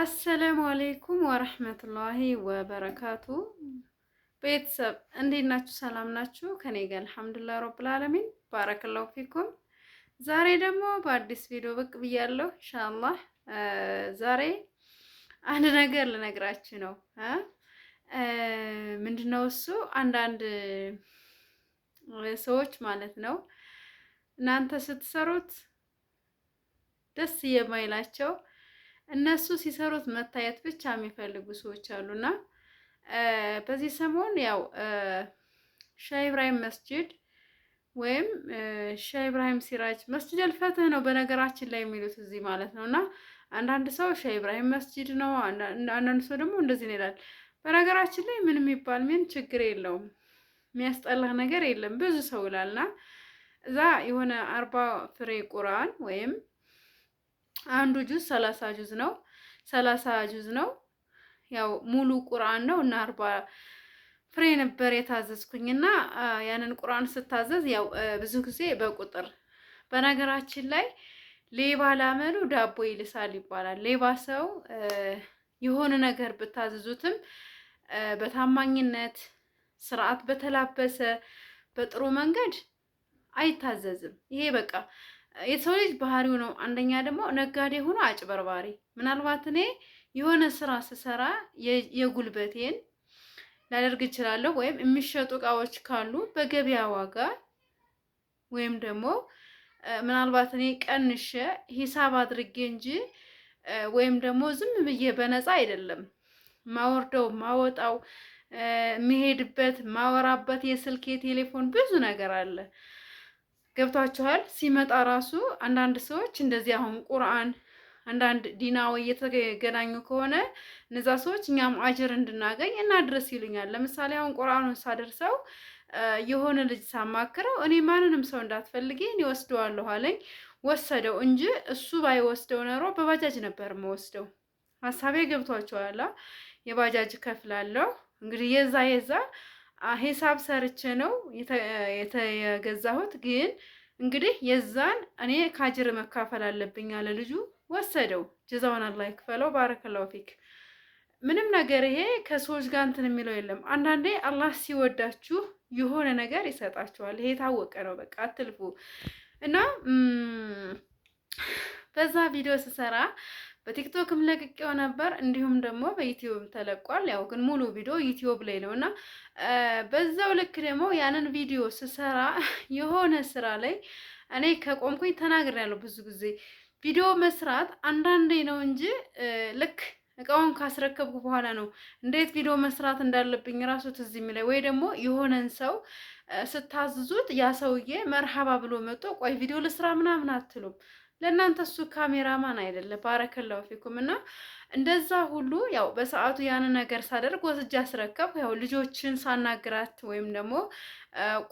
አሰላሙ አሌይኩም ወረህመቱላሂ ወበረካቱ። ቤተሰብ እንዴት ናችሁ? ሰላም ናችሁ? ከኔ ጋር አልሐምዱሊላህ ረብል ዓለሚን ባረክላሁ ፊኩም። ዛሬ ደግሞ በአዲስ ቪዲዮ ብቅ ብያለሁ ኢንሻአላህ። ዛሬ አንድ ነገር ልነግራችሁ ነው። ምንድነው እሱ? አንዳንድ ሰዎች ማለት ነው እናንተ ስትሰሩት ደስ የማይላቸው እነሱ ሲሰሩት መታየት ብቻ የሚፈልጉ ሰዎች አሉና በዚህ ሰሞን ያው ሻይ ኢብራሂም መስጅድ ወይም ሻይ ኢብራሂም ሲራጅ መስጅድ አልፈትህ ነው በነገራችን ላይ የሚሉት እዚህ ማለት ነው። እና አንዳንድ ሰው ሻይ ኢብራሂም መስጅድ ነው፣ አንዳንድ ሰው ደግሞ እንደዚህ ይላል። በነገራችን ላይ ምን የሚባል ምን ችግር የለውም፣ የሚያስጠላህ ነገር የለም። ብዙ ሰው ይላልና እዛ የሆነ አርባ ፍሬ ቁርአን ወይም አንዱ ጁዝ ሰላሳ ጁዝ ነው። ሰላሳ ጁዝ ነው። ያው ሙሉ ቁርአን ነው እና አርባ ፍሬ ነበር የታዘዝኩኝና ያንን ቁርአን ስታዘዝ ያው ብዙ ጊዜ በቁጥር በነገራችን ላይ ሌባ ላመሉ ዳቦ ይልሳል ይባላል። ሌባ ሰው የሆነ ነገር ብታዘዙትም በታማኝነት ስርዓት በተላበሰ በጥሩ መንገድ አይታዘዝም። ይሄ በቃ የሰው ልጅ ባህሪው ነው። አንደኛ ደግሞ ነጋዴ ሆኖ አጭበርባሪ። ምናልባት እኔ የሆነ ስራ ስሰራ የጉልበቴን ላደርግ እችላለሁ፣ ወይም የሚሸጡ እቃዎች ካሉ በገበያ ዋጋ ወይም ደግሞ ምናልባት እኔ ቀንሸ ሂሳብ አድርጌ እንጂ ወይም ደግሞ ዝም ብዬ በነፃ አይደለም ማወርደው ማወጣው የሚሄድበት ማወራበት የስልክ የቴሌፎን ብዙ ነገር አለ። ገብቷችኋል። ሲመጣ ራሱ አንዳንድ ሰዎች እንደዚህ አሁን ቁርአን አንዳንድ ዲናዊ እየተገናኙ ከሆነ እነዛ ሰዎች እኛም አጅር እንድናገኝ እናድረስ ይሉኛል። ለምሳሌ አሁን ቁርአኑን ሳደርሰው የሆነ ልጅ ሳማክረው እኔ ማንንም ሰው እንዳትፈልጊ እኔ ወስደዋለሁ አለኝ። ወሰደው እንጂ እሱ ባይወስደው ኖሮ በባጃጅ ነበር መወስደው። ሀሳቤ ገብቷቸዋላ። የባጃጅ ከፍላለሁ እንግዲህ የዛ የዛ ሂሳብ ሰርቼ ነው የተገዛሁት። ግን እንግዲህ የዛን እኔ ካጅር መካፈል አለብኝ አለ ልጁ። ወሰደው። ጀዛውን አላህ ይክፈለው። ባረከላው ፊክ። ምንም ነገር ይሄ ከሰዎች ጋር እንትን የሚለው የለም። አንዳንዴ አላህ ሲወዳችሁ የሆነ ነገር ይሰጣችኋል። ይሄ የታወቀ ነው። በቃ አትልፉ እና በዛ ቪዲዮ ስሰራ በቲክቶክም ለቅቄው ነበር፣ እንዲሁም ደግሞ በዩትዩብ ተለቋል። ያው ግን ሙሉ ቪዲዮ ዩትዩብ ላይ ነው እና በዛው ልክ ደግሞ ያንን ቪዲዮ ስሰራ የሆነ ስራ ላይ እኔ ከቆምኩኝ ተናግሬያለሁ ብዙ ጊዜ ቪዲዮ መስራት አንዳንዴ ነው እንጂ ልክ እቃውን ካስረከብኩ በኋላ ነው እንዴት ቪዲዮ መስራት እንዳለብኝ ራሱ ትዝ የሚለኝ። ወይ ደግሞ የሆነን ሰው ስታዝዙት ያ ሰውዬ መርሃባ ብሎ መጥቶ ቆይ ቪዲዮ ልስራ ምናምን አትሉም። ለእናንተ እሱ ካሜራማን አይደለም። ባረከላው ፊኩም እና እንደዛ ሁሉ ያው በሰዓቱ ያን ነገር ሳደርግ ወስጃ አስረከብ። ያው ልጆችን ሳናግራት ወይም ደግሞ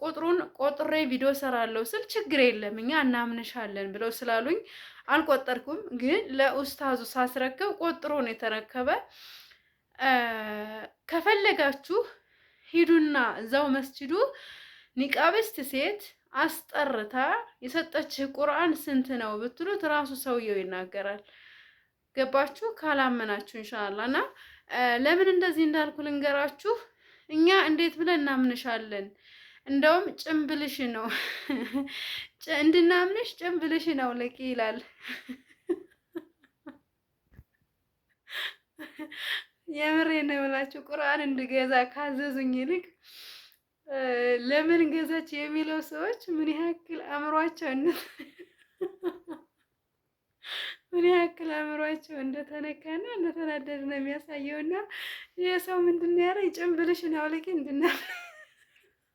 ቁጥሩን ቆጥሬ ቪዲዮ ሰራለው ስል ችግር የለም እኛ እናምንሻለን ብለው ስላሉኝ አልቆጠርኩም። ግን ለኡስታዙ ሳስረከብ ቆጥሮን የተረከበ ከፈለጋችሁ ሂዱና እዛው መስጂዱ ኒቃብስት ሴት አስጠርታ የሰጠችህ ቁርአን ስንት ነው ብትሉት ራሱ ሰውየው ይናገራል። ገባችሁ? ካላመናችሁ እንሻላ እና ለምን እንደዚህ እንዳልኩ ልንገራችሁ። እኛ እንዴት ብለን እናምንሻለን? እንደውም ጭምብልሽ ነው እንድናምንሽ፣ ጭምብልሽ ነው ልቂ ይላል። የምሬ ነው ብላችሁ ቁርአን እንድገዛ ካዘዙኝ ይልቅ ለምን ገዛች የሚለው ሰዎች ምን ያክል አእምሯቸው ምን ያክል አእምሯቸው እንደተነካና እንደተናደድ ነው የሚያሳየው። እና ይህ ሰው ምንድን ነው ያለ ጭንብልሽን አውልቂ እንድና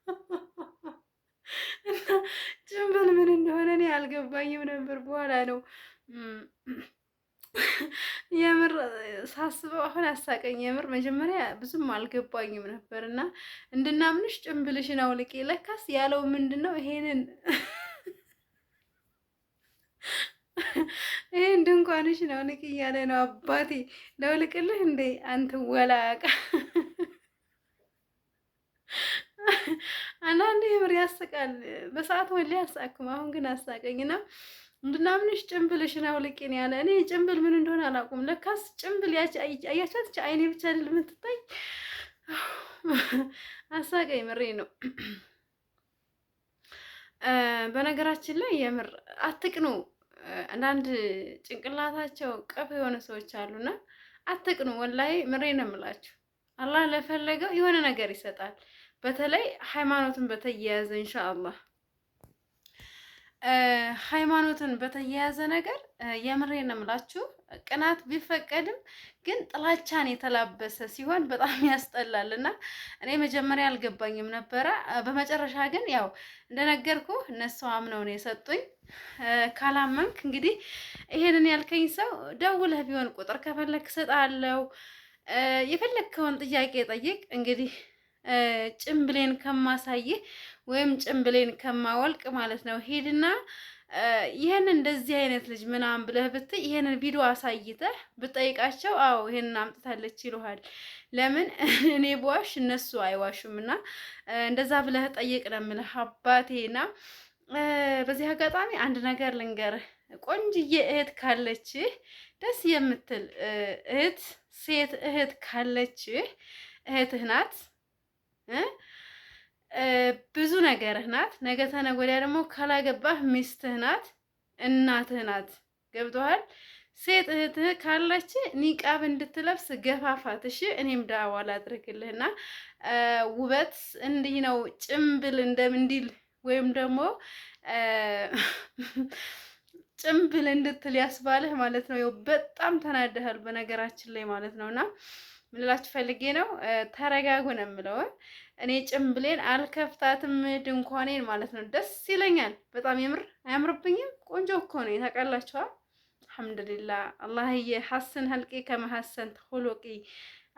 ጭንብል ምን እንደሆነ እኔ አልገባኝም ነበር። በኋላ ነው ሳስበው አሁን አሳቀኝ። የምር መጀመሪያ ብዙም አልገባኝም ነበር እና እንድናምንሽ ጭንብልሽን አውልቄ ለካስ ያለው ምንድን ነው ይሄንን ይሄን ነው ንቅ እያለ ነው አባቴ። ለውልቅልህ እንዴ አንተ ወላቃ አንዳንድ የምር ያስቃል። በሰዓት ወላ ያሳቅም፣ አሁን ግን ነው። እንድናምንሽ ጭንብልሽን አውልቄን ያለ እኔ ጭንብል ምን እንደሆነ አላውቅም። ለካስ ጭንብል አያቻትች አይኔ ብቻ አይደል የምትታይ አሳቀኝ። ምሬ ነው። በነገራችን ላይ የምር አትቅኑ። አንዳንድ ጭንቅላታቸው ቀፍ የሆነ ሰዎች አሉና አትቅኑ። ወላሂ ምሬ ነው የምላችሁ። አላህ ለፈለገው የሆነ ነገር ይሰጣል። በተለይ ሃይማኖትን በተያያዘ ኢንሻአላህ ሃይማኖትን በተያያዘ ነገር የምሬ ነው የምላችሁ። ቅናት ቢፈቀድም ግን ጥላቻን የተላበሰ ሲሆን በጣም ያስጠላል እና እኔ መጀመሪያ አልገባኝም ነበረ። በመጨረሻ ግን ያው እንደነገርኩ እነሱ አምነው ነው የሰጡኝ። ካላመንክ እንግዲህ ይሄንን ያልከኝ ሰው ደውለህ ቢሆን ቁጥር ከፈለክ ስጣለው የፈለግከውን ጥያቄ ጠይቅ። እንግዲህ ጭምብሌን ከማሳይህ ወይም ጭምብሌን ከማወልቅ ማለት ነው ሄድና ይህን እንደዚህ አይነት ልጅ ምናምን ብለህ ብትይ ይህንን ቪዲዮ አሳይተህ ብጠይቃቸው፣ አዎ ይህንን አምጥታለች ይሉሃል። ለምን እኔ በዋሽ እነሱ አይዋሹም። እና እንደዛ ብለህ ጠይቅ ነው የምልህ አባቴና። በዚህ አጋጣሚ አንድ ነገር ልንገር። ቆንጅዬ እህት ካለች ደስ የምትል እህት ሴት እህት ካለች እህትህ ናት። ብዙ ነገርህ ናት። ነገ ተነገ ወዲያ ደግሞ ካላገባህ ሚስትህ ናት፣ እናትህ ናት። ገብቶሃል? ሴት እህትህ ካለች ኒቃብ እንድትለብስ ገፋፋት። እሺ እኔም ዳዋ ላድርግልህና ውበት እንዲህ ነው ጭምብል እንደምንዲል ወይም ደግሞ ጭምብል እንድትል ያስባልህ ማለት ነው። በጣም ተናደሃል በነገራችን ላይ ማለት ነውና ምን እላችሁ ፈልጌ ነው፣ ተረጋጉ ነው የምለው። እኔ ጭምብሌን አልከፍታትም ድንኳኔን ማለት ነው። ደስ ይለኛል በጣም የምር አያምርብኝም። ቆንጆ እኮ ነው ታውቃላችኋ። አልሐምዱሊላ አላህዬ ሐስን ህልቂ ከመሐሰን ሁሉቂ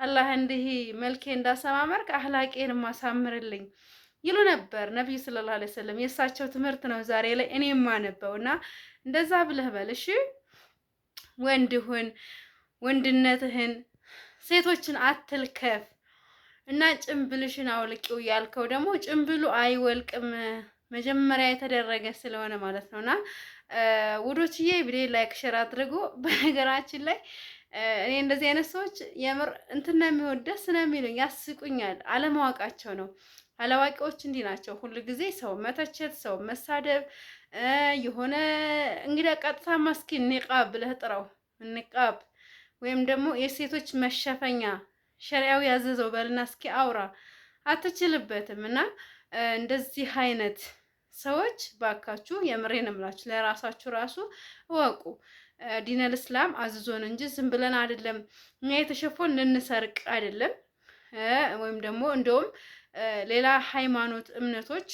አላህ እንዲህ መልኬ እንዳሰማመርክ አህላቄን ማሳምርልኝ ይሉ ነበር ነቢዩ ሰለላሁ ዐለይሂ ወሰለም። የእሳቸው ትምህርት ነው ዛሬ ላይ እኔ የማነበው እና እንደዛ ብለህ በል እሺ ወንድ ሁን ወንድነትህን ሴቶችን አትልከፍ እና ጭምብልሽን አውልቂው ያልከው ደግሞ ጭምብሉ አይወልቅም መጀመሪያ የተደረገ ስለሆነ ማለት ነው። እና ውዶችዬ ቪዲዮ ላይክ ሼር አድርጉ። በነገራችን ላይ እኔ እንደዚህ አይነት ሰዎች የምር እንትን ነው የሚሆን ደስ ነው የሚሉኝ፣ ያስቁኛል። አለማወቃቸው ነው። አላዋቂዎች እንዲህ ናቸው። ሁሉ ጊዜ ሰው መተቸት፣ ሰው መሳደብ፣ የሆነ እንግዲህ ቀጥታ ማስኪ ኒቃብ ብለህ ጥራው ኒቃብ ወይም ደግሞ የሴቶች መሸፈኛ ሸሪያው ያዘዘው በልና እስኪ አውራ አትችልበትም። እና እንደዚህ አይነት ሰዎች ባካችሁ የምሬን እምላችሁ ለራሳችሁ ራሱ እወቁ። ዲነል እስላም አዝዞን እንጂ ዝም ብለን አይደለም እኛ የተሸፎን ልንሰርቅ አይደለም። ወይም ደግሞ እንደውም ሌላ ሃይማኖት እምነቶች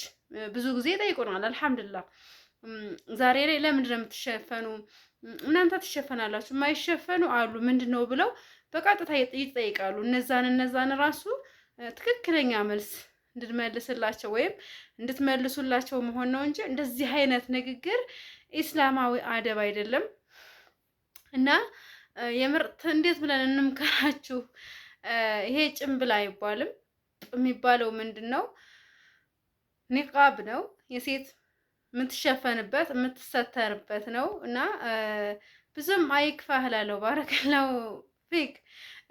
ብዙ ጊዜ ጠይቁናል አልሐምዱሊላህ ዛሬ ላይ ለምንድን ነው የምትሸፈኑ እናንተ ትሸፈናላችሁ፣ የማይሸፈኑ አሉ ምንድን ነው ብለው በቀጥታ ይጠይቃሉ። እነዛን እነዛን ራሱ ትክክለኛ መልስ እንድትመልስላቸው ወይም እንድትመልሱላቸው መሆን ነው እንጂ እንደዚህ አይነት ንግግር ኢስላማዊ አደብ አይደለም። እና የምርት እንዴት ብለን እንምከራችሁ? ይሄ ጭምብል አይባልም። የሚባለው ምንድን ነው? ኒቃብ ነው የሴት የምትሸፈንበት የምትሰተርበት ነው እና ብዙም አይክፋህላለሁ ባረከላው ፊክ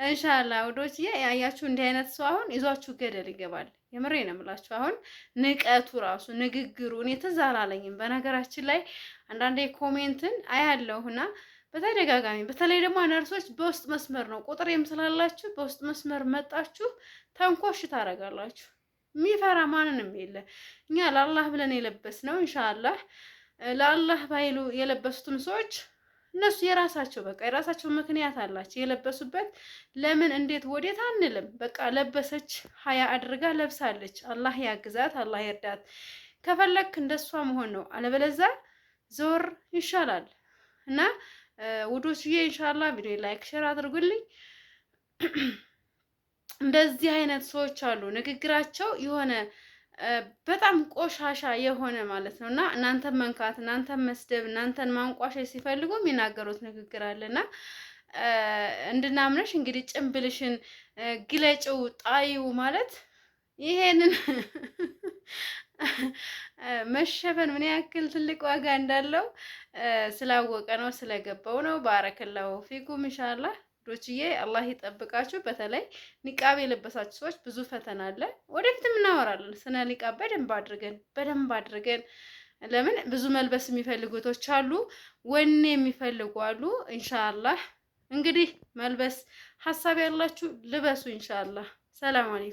እንሻላ ውዶች ያያችሁ እንዲህ አይነት ሰው አሁን ይዟችሁ ገደል ይገባል። የምሬ ነው የምላችሁ። አሁን ንቀቱ ራሱ ንግግሩ እኔ ትዝ አላለኝም። በነገራችን ላይ አንዳንዴ ኮሜንትን አያለሁና በተደጋጋሚ በተለይ ደግሞ ነርሶች በውስጥ መስመር ነው ቁጥር የምስላላችሁ በውስጥ መስመር መጣችሁ ተንኮሽ ታደርጋላችሁ። የሚፈራ ማንንም የለ። እኛ ለአላህ ብለን የለበስ ነው ኢንሻአላህ። ለአላህ ባይሉ የለበሱትም ሰዎች እነሱ የራሳቸው በቃ የራሳቸው ምክንያት አላቸው የለበሱበት። ለምን እንዴት ወዴት አንልም። በቃ ለበሰች ሀያ አድርጋ ለብሳለች። አላህ ያግዛት፣ አላህ ይርዳት። ከፈለክ እንደሷ መሆን ነው፣ አለበለዛ ዞር ይሻላል። እና ውዶችዬ ኢንሻአላህ ቪዲዮ ላይክ ሼር አድርጉልኝ። እንደዚህ አይነት ሰዎች አሉ። ንግግራቸው የሆነ በጣም ቆሻሻ የሆነ ማለት ነው እና እናንተን መንካት፣ እናንተን መስደብ፣ እናንተን ማንቋሸሽ ሲፈልጉ የሚናገሩት ንግግር አለና እንድናምነሽ እንግዲህ ጭንብልሽን ግለጭው ጣይው ማለት ይሄንን መሸፈን ምን ያክል ትልቅ ዋጋ እንዳለው ስላወቀ ነው ስለገባው ነው። ባረክላው ፊጉም ኢንሻአላህ ዶችዬ አላህ ይጠብቃችሁ። በተለይ ኒቃብ የለበሳችሁ ሰዎች ብዙ ፈተና አለ። ወደፊትም እናወራለን ስነ ኒቃብ በደንብ አድርገን በደንብ አድርገን ለምን ብዙ መልበስ የሚፈልጉቶች አሉ፣ ወኔ የሚፈልጉ አሉ። ኢንሻአላህ እንግዲህ መልበስ ሀሳብ ያላችሁ ልበሱ። ኢንሻአላህ ሰላም አለይኩም።